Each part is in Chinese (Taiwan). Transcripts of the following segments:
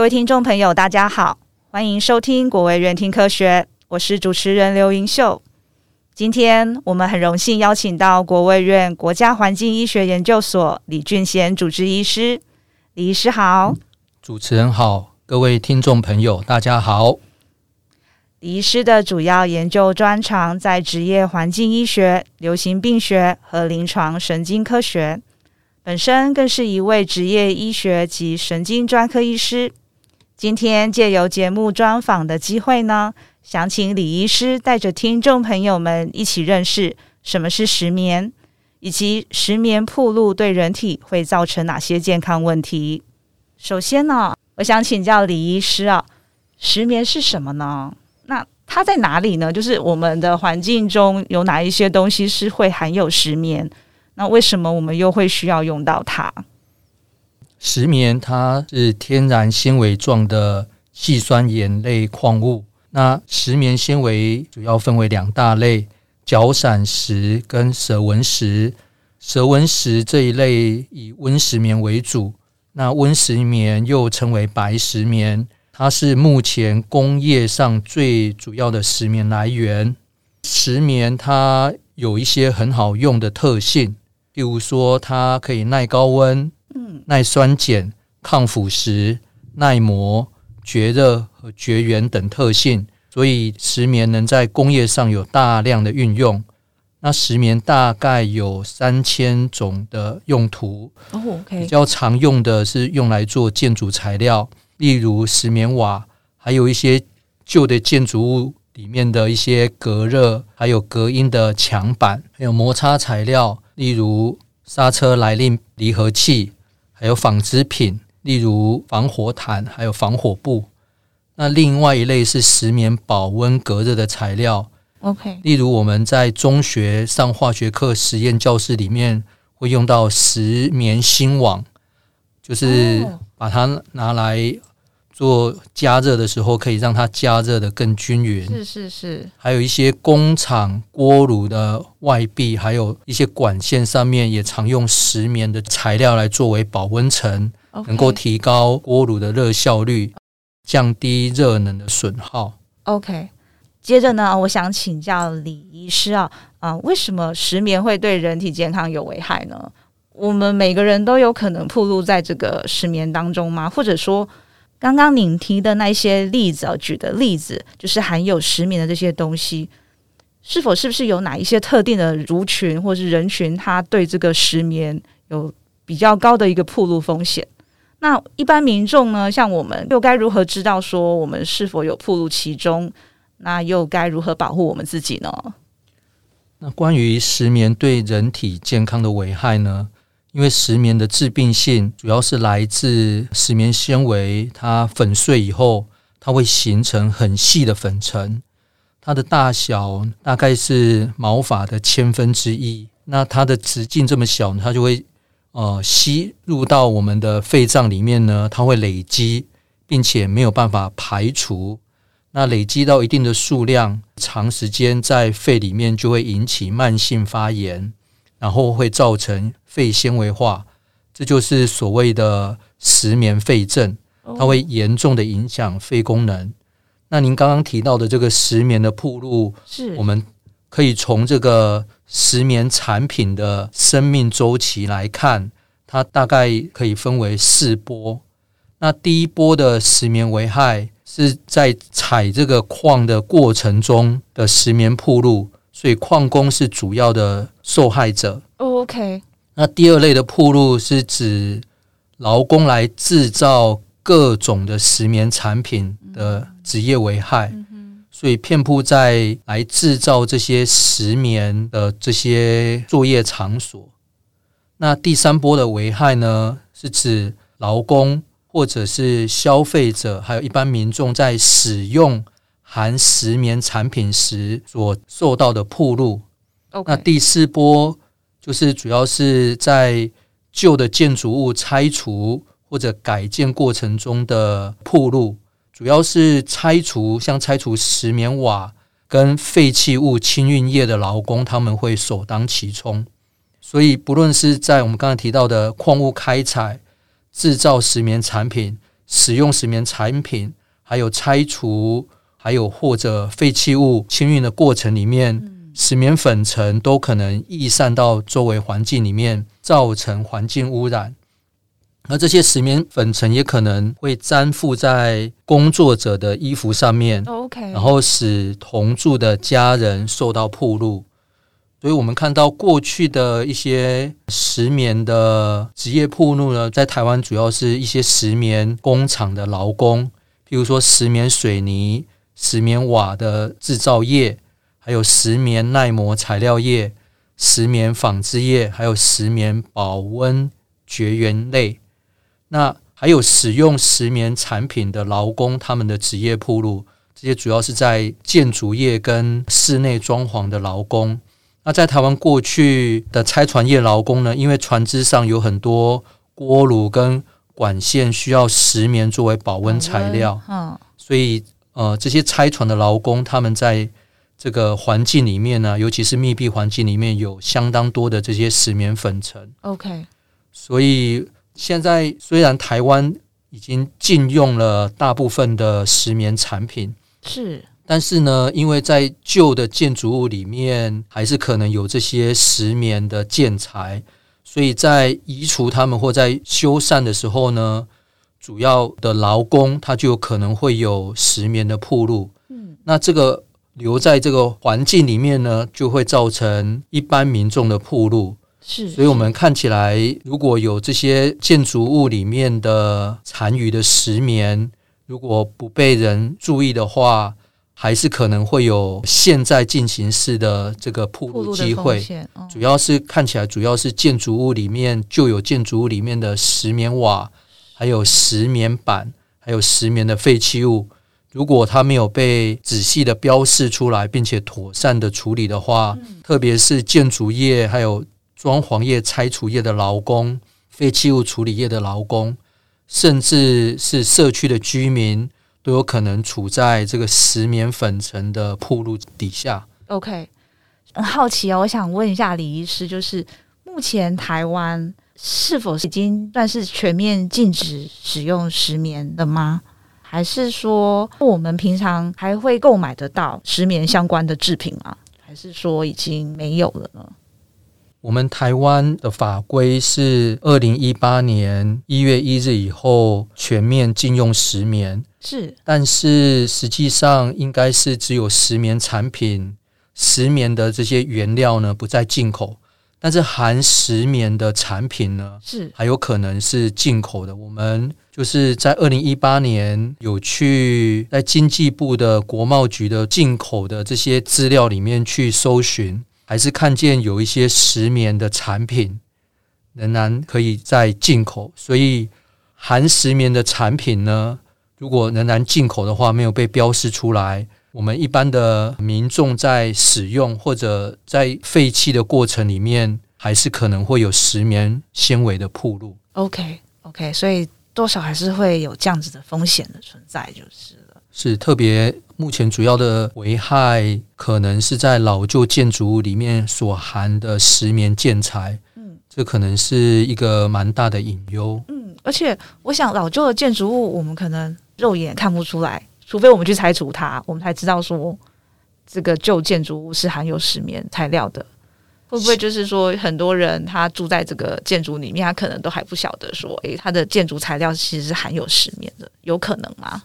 各位聽眾朋友，大家好，歡迎收聽國衛院聽科學，我是主持人劉盈秀。今天我們很榮幸邀請到國衛院國家環境醫學研究所李俊賢主治醫師。李醫師好，主持人好，各位聽眾朋友大家好。李醫師的主要研究專長在職業環境醫學、流行病學和臨床神經科學，本身更是一位職業醫學及神經專科醫師。今天借由節目專訪的機會呢，想請李醫師帶着聽眾朋友們一起認識什麼是石綿，以及石綿暴露對人體會造成哪些健康問題。首先呢，我想請教李醫師啊，石綿是什麼呢？那它在哪裡呢？就是我們的環境中有哪一些東西是會含有石綿？那為什麼我們又會需要用到它？石棉它是天然纖維狀的矽酸鹽類礦物。那石棉纖維主要分為兩大類：角閃石跟蛇紋石。蛇紋石這一類以溫石棉為主。那溫石棉又稱為白石棉，它是目前工業上最主要的石棉來源。石棉它有一些很好用的特性，例如說它可以耐高溫。嗯，耐酸鹼、抗腐蝕、耐磨、絕熱和絕緣等特性，所以石棉能在工業上有大量的運用。那石棉大概有三千種的用途。Oh, okay. 比較常用的是用來做建築材料，例如石棉瓦，還有一些舊的建築物裡面的一些隔熱，還有隔音的牆板，還有摩擦材料，例如剎車、來令、離合器。還有紡織品，例如防火毯，還有防火布。那另外一類是石棉保溫隔熱的材料。Okay. 例如我們在中學上化學課實驗教室裡面會用到石棉心網，就是把它拿來。做加熱的時候，可以讓它加熱得更均勻。是是是，還有一些工廠鍋爐的外壁，還有一些管線上面也常用石棉的材料來作為保溫層，Okay 能夠提高鍋爐的熱效率，降低熱能的損耗。OK，接着呢，我想請教李醫師啊，啊，為什麼石棉會對人體健康有危害呢？我們每個人都有可能暴露在這個石棉當中嗎？或者說？剛剛您提的那些例子啊，舉的例子就是含有石棉的這些東西，是否，是不是有哪一些特定的族群或是人群，他對這個石棉有比較高的一個暴露風險？那一般民眾呢，像我們又該如何知道說我們是否有暴露其中？那又該如何保護我們自己呢？那關於石棉對人體健康的危害呢？因為石棉的致病性主要是來自石棉纖維，它粉碎以後，它會形成很細的粉塵，它的大小大概是毛髮的千分之一。那它的直徑這麼小，它就會，呃，吸入到我們的肺臟裡面呢，它會累積，並且沒有辦法排除。那累積到一定的數量，長時間在肺裡面就會引起慢性發炎。然後會造成肺纖維化，這就是所謂的石棉肺症，它會嚴重的影響肺功能。Oh. 那您剛剛提到的這個石棉的暴露，是我們可以從這個石棉產品的生命週期來看，它大概可以分為四波。那第一波的石棉危害是在採這個礦的過程中的石棉暴露。所以礦工是主要的受害者。Oh, OK。那第二類的暴露是指勞工來製造各種的石棉產品的職業危害，mm hmm. mm hmm. 所以遍布在來製造這些石棉的這些作業場所。那第三波的危害呢，是指勞工或者是消費者，還有一般民眾在使用。含石棉產品時所受到的曝露。Okay. 那第四波就是主要是在舊的建築物拆除或者改建過程中的曝露，主要是拆除，像拆除石棉瓦跟廢棄物清運業的勞工，他們會首當其衝。所以，不論是在我們剛才提到的礦物開採、製造石棉產品、使用石棉產品，還有拆除。還有或者廢棄物清運的過程裡面，石、嗯、棉粉塵都可能溢散到周圍環境裡面，造成環境污染。而這些石棉粉塵也可能會粘附在工作者的衣服上面、哦、，OK，然後使同住的家人受到暴露。所以我們看到過去的一些石棉的職業暴露呢，在台灣主要是一些石棉工廠的勞工，譬如說石棉水泥。石棉瓦的製造業，還有石棉耐磨材料業、石棉紡織業，還有石棉保溫絕緣類。那還有使用石棉產品的勞工，他們的職業鋪路，這些主要是在建築業跟室內裝潢的勞工。那在台灣過去的拆船業勞工呢，因為船只上有很多鍋爐跟管線需要石棉作為保溫材料，嗯，嗯，所以。呃，這些拆船的勞工，他們在這個環境裡面呢，尤其是密閉環境裡面，有相當多的這些石棉粉塵。OK。所以現在雖然台灣已經禁用了大部分的石棉產品，是，但是呢，因為在舊的建築物裡面，還是可能有這些石棉的建材，所以在移除他們或在修繕的時候呢，主要的勞工，它就可能會有石棉的曝露。嗯，那這個留在這個環境裡面呢，就會造成一般民眾的曝露。是，所以我們看起來，如果有這些建築物裡面的殘餘的石棉，如果不被人注意的話，還是可能會有現在進行式的這個曝露機會。哦、主要是看起來，主要是建築物裡面就有建築物裡面的石棉瓦，還有石棉板，還有石棉的廢棄物，如果它沒有被仔細的標示出來，並且妥善的處理的話，嗯、特別是建築業，還有裝潢業，拆除業的勞工，廢棄物處理業的勞工，甚至是社區的居民，都有可能處在這個石棉粉塵的暴露底下。OK，很好奇啊、哦，我想問一下李醫師，就是目前台灣，是否已經算是全面禁止使用石棉了嗎？還是說我們平常還會購買得到石棉相關的製品嗎？還是說已經沒有了呢？我們台灣的法規是二零一八年一月一日以後全面禁用石棉。是，但是實際上應該是只有石棉產品、石棉的這些原料呢，不再進口。但是含石棉的產品呢，是還有可能是進口的。我們就是在二零一八年有去在經濟部的國貿局的進口的這些資料裡面去搜尋，還是看見有一些石棉的產品仍然可以在進口。所以含石棉的產品呢，如果仍然進口的話，沒有被標示出來。我們一般的民眾在使用或者在廢棄的過程裡面，還是可能會有石棉纖維的暴露。OK OK，所以多少還是會有這樣子的風險的存在，就是了。是，特別目前主要的危害，可能是在老舊建築物裡面所含的石棉建材。嗯，這可能是一個蠻大的隱憂。嗯，而且我想老舊的建築物，我們可能肉眼看不出來。除非我們去拆除它，我們才知道說這個舊建築物是含有石棉材料的。會不會就是說很多人他住在這個建築裡面，他可能都還不曉得說，誒、欸，他的建築材料其實是含有石棉的，有可能嗎？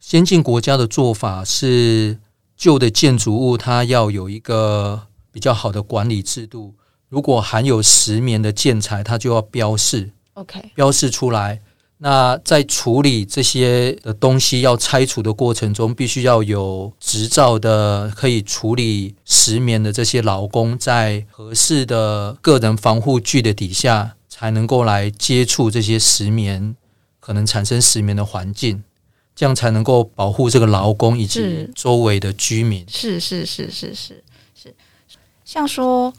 先進國家的做法是，舊的建築物它要有一個比較好的管理制度，如果含有石棉的建材，它就要標示，OK，標示出來。那在處理這些的東西要拆除的過程中，必須要有執照的可以處理石棉的這些勞工，在合適的個人防護具的底下，才能夠來接觸這些石棉，可能產生石棉的環境，這樣才能夠保護這個勞工以及周圍的居民。是是是是是是，是，像說，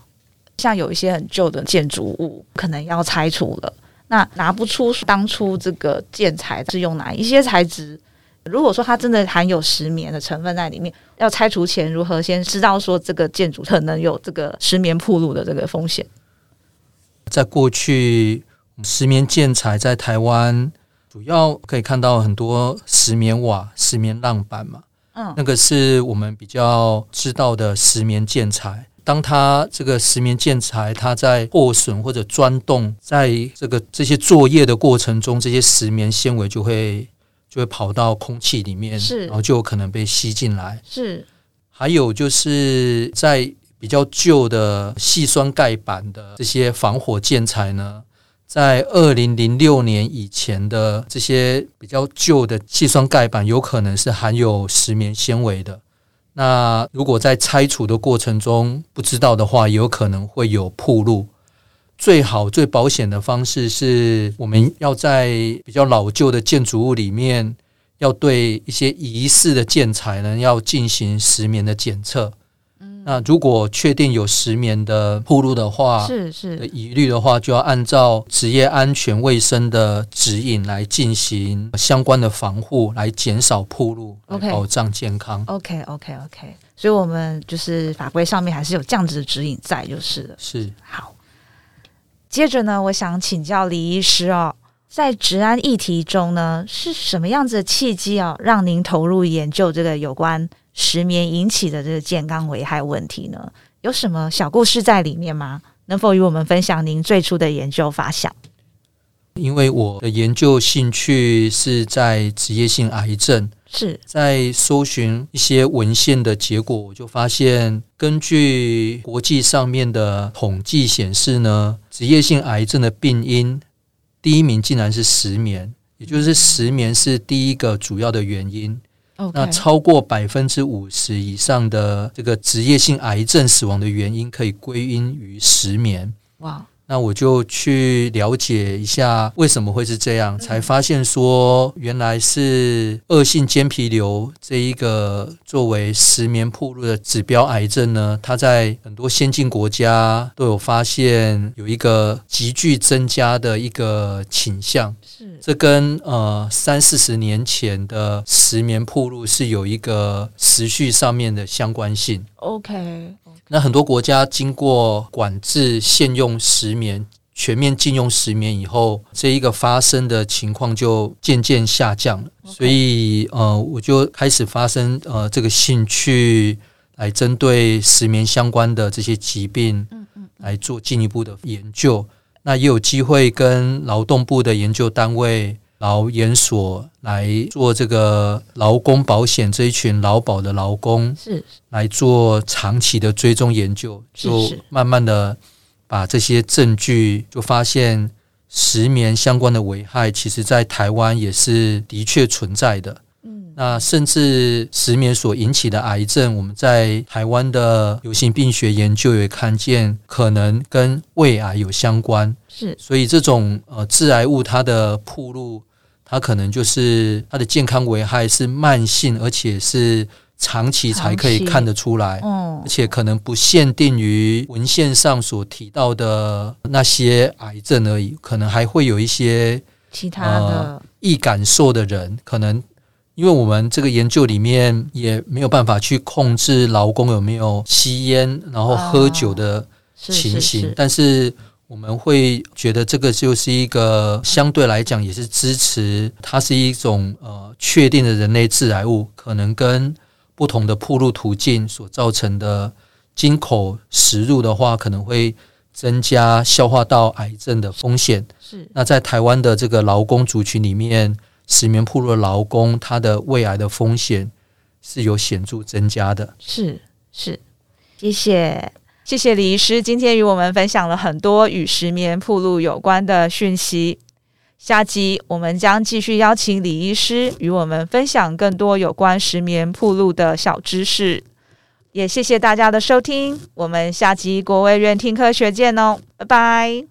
像有一些很舊的建築物，可能要拆除了。那拿不出當初這個建材是用哪一些材質，如果說它真的含有石棉的成分在裡面，要拆除前如何先知道說這個建築可能有這個石棉暴露的這個風險？在過去，石棉建材在台灣主要可以看到很多石棉瓦、石棉浪板嘛，嗯，那個是我們比較知道的石棉建材。當它這個石棉建材，它在破損或者鑽洞，在這個這些作業的過程中，這些石棉纖維就會就會跑到空氣裡面，是然後就有可能被吸進來。是，還有就是在比較舊的矽酸鈣板的這些防火建材呢，在二零零六年以前的這些比較舊的矽酸鈣板，有可能是含有石棉纖維的。那如果在拆除的過程中不知道的話，有可能會有暴露。最好最保險的方式是，我們要在比較老舊的建築物裡面，要對一些疑似的建材呢，要進行石棉的檢測。那如果確定有石綿的暴露的話，是是疑慮的話，就要按照職業安全衛生的指引來進行相關的防護，來減少暴露，保障健康。Okay. OK OK OK，所以，我們就是法規上面還是有這樣子的指引在，就是了。是好。接着呢，我想請教李醫師哦，在職安議題中呢，是什麼樣子的契機啊，哦，讓您投入研究這個有關？石綿引起的這個健康危害問題呢，有什麼小故事在裡面嗎？能否與我們分享您最初的研究發想？因為我的研究興趣是在職業性癌症，是在搜尋一些文獻的結果，我就發現，根據國際上面的統計顯示呢，職業性癌症的病因第一名竟然是石綿，也就是石綿是第一個主要的原因。Okay. 那超過百分之五十以上的這個職業性癌症死亡的原因，可以歸因於石綿。哇！Wow. 那我就去了解一下為什麼會是這樣，嗯、才發現說原來是惡性間皮瘤這一個作為石棉暴露的指標癌症呢，它在很多先進國家都有發現有一個急劇增加的一個傾向，是這跟呃三四十年前的石棉暴露是有一個持續上面的相關性。OK。那很多國家經過管制、限用石棉、全面禁用石棉以後，這一個發生的情況就漸漸下降了。Okay. 所以，呃，我就開始發生呃這個興趣，來針對石棉相關的這些疾病，來做進一步的研究。那也有機會跟勞動部的研究單位。勞研所來做這個勞工保險這一群勞保的勞工，是來做長期的追蹤研究，就慢慢的把這些證據，就發現石棉相關的危害，其實在台灣也是的確存在的。嗯，那甚至石棉所引起的癌症，我們在台灣的流行病學研究也看見可能跟胃癌有相關。是，所以這種呃致癌物它的暴露。它可能就是它的健康危害是慢性，而且是長期才可以看得出來，嗯、而且可能不限定於文獻上所提到的那些癌症而已，可能還會有一些其他的、呃、易感受的人，可能因為我們這個研究裡面也沒有辦法去控制勞工有沒有吸菸，然後喝酒的情形，啊、是是是，但是。我們會覺得這個就是一個相對來講也是支持，它是一種呃確定的人類致癌物，可能跟不同的暴露途徑所造成的經口食入的話，可能會增加消化道癌症的風險。是那在台灣的這個勞工族群裡面，石棉暴露的勞工，他的胃癌的風險是有顯著增加的。是是，謝謝。謝謝李醫師今天與我們分享了很多與石綿暴露有關的訊息。下集我們將繼續邀請李醫師與我們分享更多有關石綿暴露的小知識。也謝謝大家的收聽，我們下集國衛院聽科學見哦，拜拜。